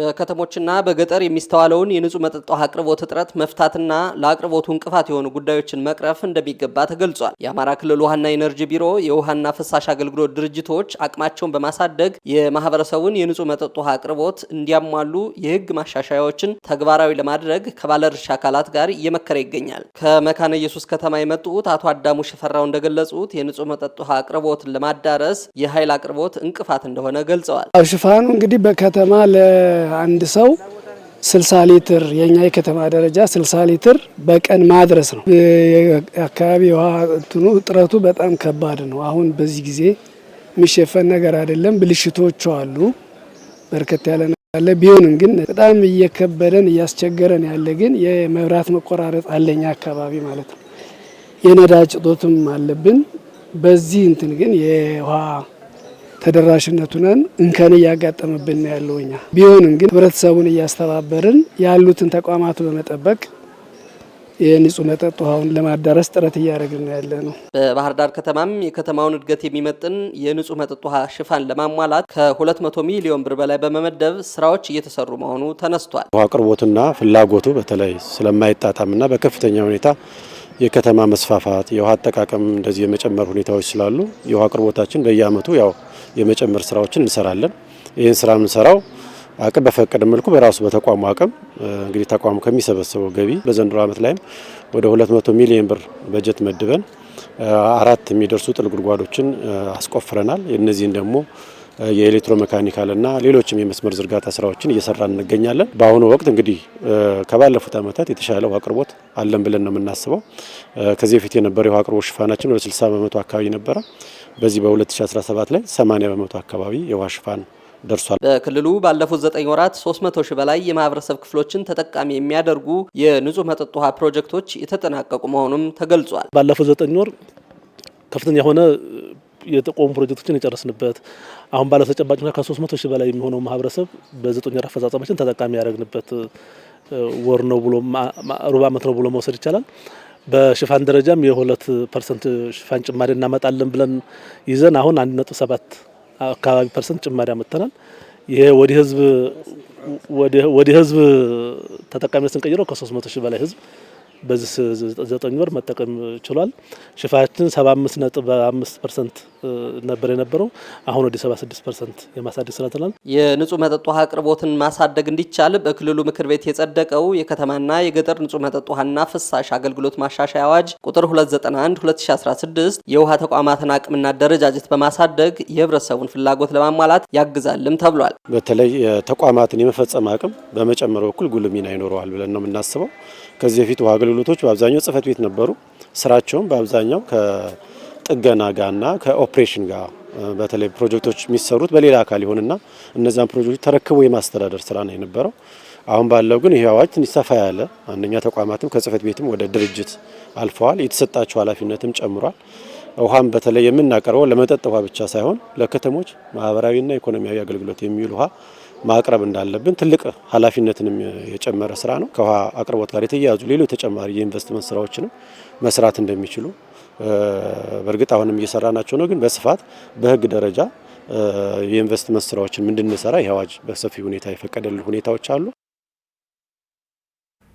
በከተሞችና በገጠር የሚስተዋለውን የንጹህ መጠጥ ውሃ አቅርቦት እጥረት መፍታትና ለአቅርቦቱ እንቅፋት የሆኑ ጉዳዮችን መቅረፍ እንደሚገባ ተገልጿል። የአማራ ክልል ውሃና ኢነርጂ ቢሮ የውሃና ፍሳሽ አገልግሎት ድርጅቶች አቅማቸውን በማሳደግ የማህበረሰቡን የንጹህ መጠጥ ውሃ አቅርቦት እንዲያሟሉ የህግ ማሻሻያዎችን ተግባራዊ ለማድረግ ከባለድርሻ አካላት ጋር እየመከረ ይገኛል። ከመካነ ኢየሱስ ከተማ የመጡት አቶ አዳሙ ሽፈራው እንደገለጹት የንጹህ መጠጥ ውሃ አቅርቦትን ለማዳረስ የኃይል አቅርቦት እንቅፋት እንደሆነ ገልጸዋል። ሽፋኑ እንግዲህ በከተማ ለ አንድ ሰው 60 ሊትር የኛ የከተማ ደረጃ 60 ሊትር በቀን ማድረስ ነው። አካባቢ ውሃ እንትኑ እጥረቱ በጣም ከባድ ነው። አሁን በዚህ ጊዜ የሚሸፈን ነገር አይደለም። ብልሽቶቹ አሉ፣ በርከት ያለ ያለ ቢሆንም ግን በጣም እየከበደን እያስቸገረን ያለ ግን የመብራት መቆራረጥ አለኛ አካባቢ ማለት ነው። የነዳጅ እጦትም አለብን። በዚህ እንትን ግን የውሃ ተደራሽነቱንን እንከን እያጋጠመብን ነው ያለው እኛ ቢሆንም ግን ህብረተሰቡን እያስተባበርን ያሉትን ተቋማቱ በመጠበቅ የንጹህ መጠጥ ውሃውን ለማዳረስ ጥረት እያደረግን ያለ ነው። በባህር ዳር ከተማም የከተማውን እድገት የሚመጥን የንጹህ መጠጥ ውሃ ሽፋን ለማሟላት ከ200 ሚሊዮን ብር በላይ በመመደብ ስራዎች እየተሰሩ መሆኑ ተነስቷል። ውሃ አቅርቦቱና ፍላጎቱ በተለይ ስለማይጣጣምና በከፍተኛ ሁኔታ የከተማ መስፋፋት የውሃ አጠቃቀም እንደዚህ የመጨመር ሁኔታዎች ስላሉ የውሃ አቅርቦታችን በየአመቱ ያው የመጨመር ስራዎችን እንሰራለን። ይህን ስራ የምንሰራው አቅም በፈቀደ መልኩ በራሱ በተቋሙ አቅም እንግዲህ ተቋሙ ከሚሰበሰበው ገቢ በዘንድሮ ዓመት ላይም ወደ 200 ሚሊዮን ብር በጀት መድበን አራት የሚደርሱ ጥል ጉድጓዶችን አስቆፍረናል። እነዚህን ደግሞ የኤሌክትሮ መካኒካልና ሌሎችም የመስመር ዝርጋታ ስራዎችን እየሰራን እንገኛለን። በአሁኑ ወቅት እንግዲህ ከባለፉት ዓመታት የተሻለ ውሃ አቅርቦት አለን ብለን ነው የምናስበው። ከዚህ በፊት የነበረው የውሃ አቅርቦት ሽፋናችን ወደ 60 በመቶ አካባቢ ነበረ። በዚህ በ2017 ላይ 80 በመቶ አካባቢ የውሃ ሽፋን ደርሷል። በክልሉ ባለፉት ዘጠኝ ወራት 300 ሺህ በላይ የማህበረሰብ ክፍሎችን ተጠቃሚ የሚያደርጉ የንጹህ መጠጥ ውሃ ፕሮጀክቶች የተጠናቀቁ መሆኑም ተገልጿል። ባለፉት ዘጠኝ ወር ከፍተኛ የሆነ የተቆሙ ፕሮጀክቶችን የጨረስንበት አሁን ባለው ተጨባጭ ሁኔታ ከ300 ሺህ በላይ የሚሆነው ማህበረሰብ በዘጠኝ ወር አፈጻጸማችን ተጠቃሚ ያደረግንበት ወር ነው ብሎ ሩብ ዓመት ነው ብሎ መውሰድ ይቻላል። በሽፋን ደረጃም የሁለት ፐርሰንት ሽፋን ጭማሪ እናመጣለን ብለን ይዘን አሁን አንድ ነጥብ ሰባት አካባቢ ፐርሰንት ጭማሪ አመጥተናል። ይሄ ወዲህ ህዝብ ወዲህ ህዝብ ተጠቃሚ ስንቀይረው ከ300 ሺህ በላይ ህዝብ በዚህ ዘጠኝ ወር መጠቀም ችሏል። ሽፋችን 75 ነጥብ 5 ፐርሰንት ነበር የነበረው አሁን ወደ 76 ፐርሰንት የማሳደግ ስራ ትናል። የንጹህ መጠጥ ውሃ አቅርቦትን ማሳደግ እንዲቻል በክልሉ ምክር ቤት የጸደቀው የከተማና የገጠር ንጹህ መጠጥ ውሃና ፍሳሽ አገልግሎት ማሻሻያ አዋጅ ቁጥር 291 2016 የውሃ ተቋማትን አቅምና አደረጃጀት በማሳደግ የህብረተሰቡን ፍላጎት ለማሟላት ያግዛልም ተብሏል። በተለይ ተቋማትን የመፈጸም አቅም በመጨመር በኩል ጉልህ ሚና ይኖረዋል ብለን ነው የምናስበው ከዚህ በፊት ውሃ አገልግሎት አገልግሎቶች በአብዛኛው ጽህፈት ቤት ነበሩ። ስራቸውም በአብዛኛው ከጥገና ጋርና ከኦፕሬሽን ጋር በተለይ ፕሮጀክቶች የሚሰሩት በሌላ አካል ይሆንና እነዚያን ፕሮጀክቶች ተረክቦ የማስተዳደር ስራ ነው የነበረው። አሁን ባለው ግን ይህ አዋጅ ትንሽ ሰፋ ያለ አንደኛ ተቋማትም ከጽህፈት ቤትም ወደ ድርጅት አልፈዋል። የተሰጣቸው ኃላፊነትም ጨምሯል። ውሃም በተለይ የምናቀርበው ለመጠጥ ውሃ ብቻ ሳይሆን ለከተሞች ማህበራዊና ኢኮኖሚያዊ አገልግሎት የሚውል ውሃ ማቅረብ እንዳለብን ትልቅ ኃላፊነትንም የጨመረ ስራ ነው። ከውሃ አቅርቦት ጋር የተያያዙ ሌሎች ተጨማሪ የኢንቨስትመንት ስራዎችንም መስራት እንደሚችሉ በእርግጥ አሁንም እየሰራናቸው ነው። ግን በስፋት በህግ ደረጃ የኢንቨስትመንት ስራዎችን ምንድንሰራ ይህ አዋጅ በሰፊ ሁኔታ የፈቀደልን ሁኔታዎች አሉ።